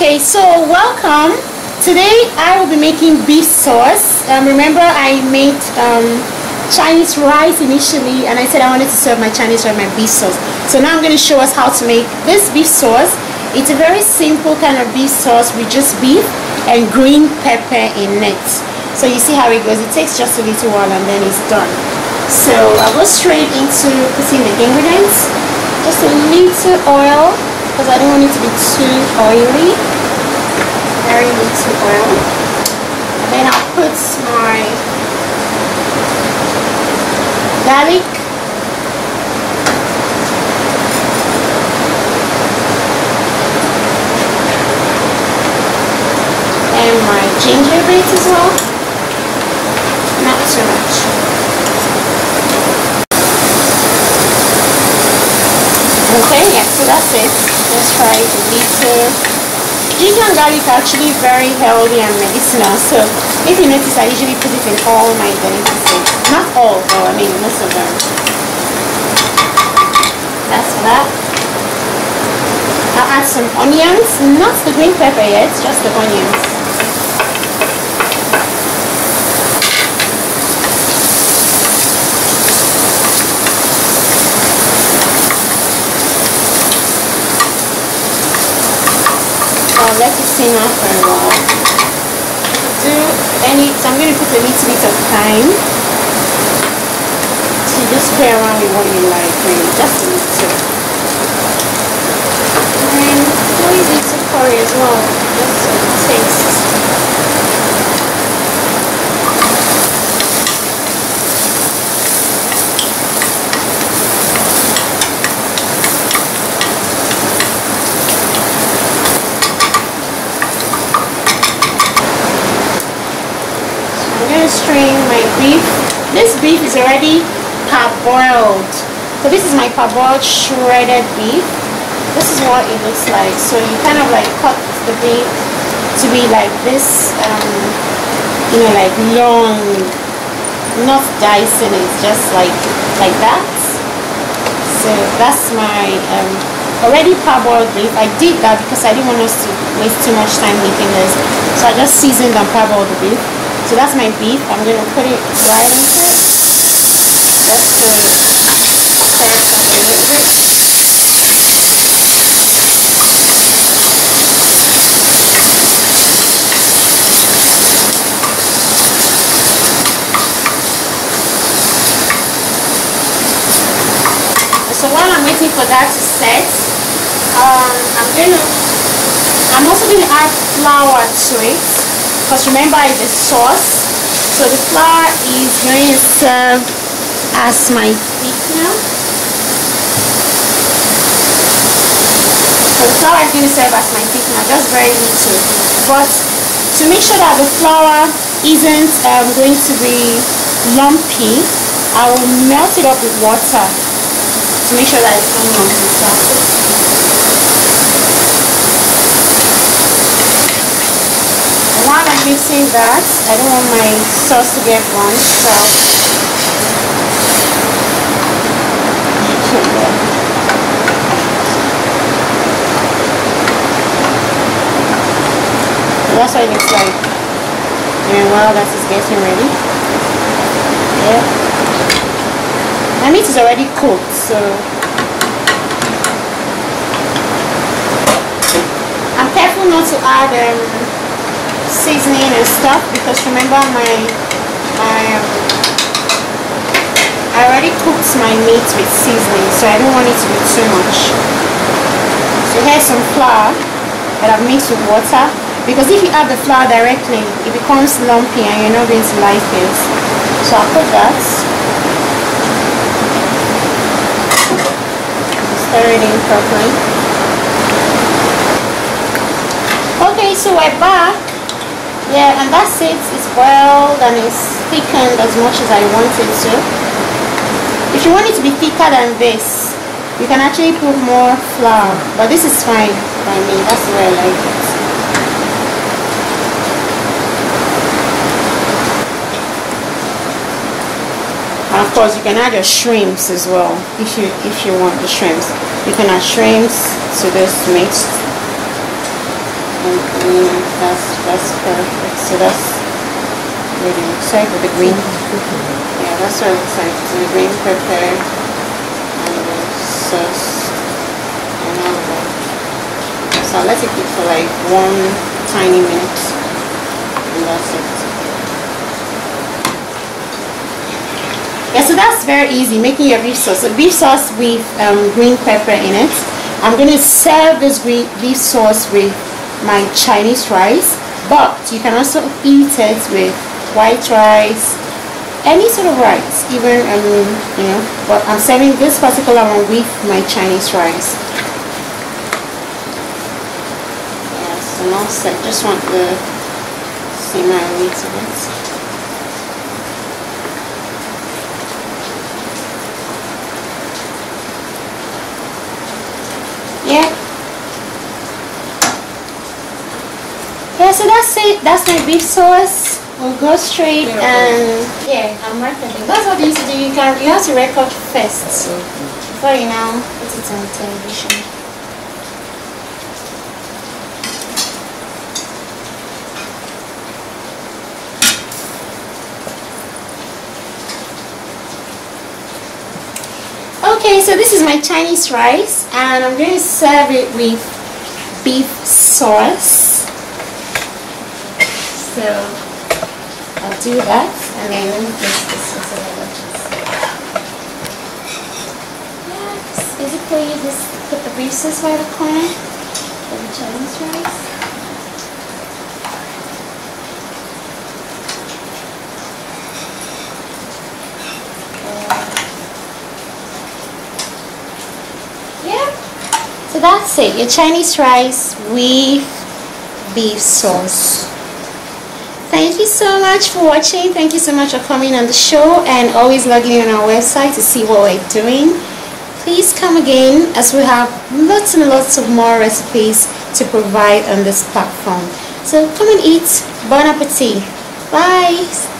Okay, so welcome. Today I will be making beef sauce. Um, remember I made um, Chinese rice initially and I said I wanted to serve my Chinese rice, my beef sauce. So now I'm going to show us how to make this beef sauce. It's a very simple kind of beef sauce with just beef and green pepper in it. So you see how it goes. It takes just a little while and then it's done. So I'll go straight into putting the ingredients. Just a little oil because I don't want it to be too oily. 30 minutes of oil. And then I'll put my garlic and my ginger bits as well. Not so much. Okay, yeah. So that's it. let's try the meat here. Ginger and garlic are actually very healthy and medicinal. So if you notice, I usually put it in all my dishes. Not all, though. I mean, most of them. That's that. I'll add some onions. Not the green pepper yet, just the onions. um, let it simmer for a while. Do any, so I'm going to put a little bit of thyme. So you just play around with what you like, really, just a little. And no easy to curry as well, just for taste. my beef. This beef is already parboiled. So this is my parboiled shredded beef. This is what it looks like. So you kind of like cut the beef to be like this, um, you know, like long, not dicing it's just like like that. So that's my um, already parboiled beef. I did that because I didn't want us to waste too much time making this. So I just seasoned and parboiled the beef. So that's my beef. I'm going to put it right into it. So while I'm waiting for that to set, um, I'm going to, I'm also going to add flour to it because remember it's a sauce so the flour is going to serve as my thickener so the flour is going to serve as my thickener just very little but to make sure that the flour isn't um, going to be lumpy I will melt it up with water to make sure that it's not lumpy not I'm mixing that I don't want my sauce to get one so that's what it looks like and while that is getting ready yeah my meat is already cooked so I'm careful not to add um, seasoning and stuff because remember my my um, I already cooked my meat with seasoning so I don't want it to be too much so here's some flour that I've mixed with water because if you add the flour directly it becomes lumpy and you're not going to like it so I'll put that stir it in properly okay so we're back yeah, and that's it. It's boiled and it's thickened as much as I want it to. If you want it to be thicker than this, you can actually put more flour. But this is fine by me. That's the way I like it. And of course, you can add your shrimps as well if you if you want the shrimps. You can add shrimps to this mix would green, that's, that's perfect. So that's maybe it looks like with the green. Yeah, that's what it looks like. So the green pepper and the sauce and all of that. So I'll let it cook for like one tiny minute and that's it. Yeah, so that's very easy, making your beef sauce. So beef sauce with um, green pepper in it. I'm going to serve this beef sauce with my Chinese rice but you can also eat it with white rice any sort of rice even I um, mean, you know but I'm serving this particular one with my Chinese rice yes and also just want the simmer a little bit Yeah, so that's it. That's my beef sauce. We'll go straight yeah, and yeah, I'm recording. That's what you used to do. You can you have to record first before you now put it on television. Okay, so this is my Chinese rice and I'm going to serve it with beef sauce. So I'll do that and then let me place this into the wedges. Yeah, it basically you just put the Reese's right the corner for the Chinese rice. So that's it, your Chinese rice with beef sauce. Thank you so much for watching. Thank you so much for coming on the show and always logging on our website to see what we're doing. Please come again as we have lots and lots of more recipes to provide on this platform. So come and eat. Bon appetit. Bye.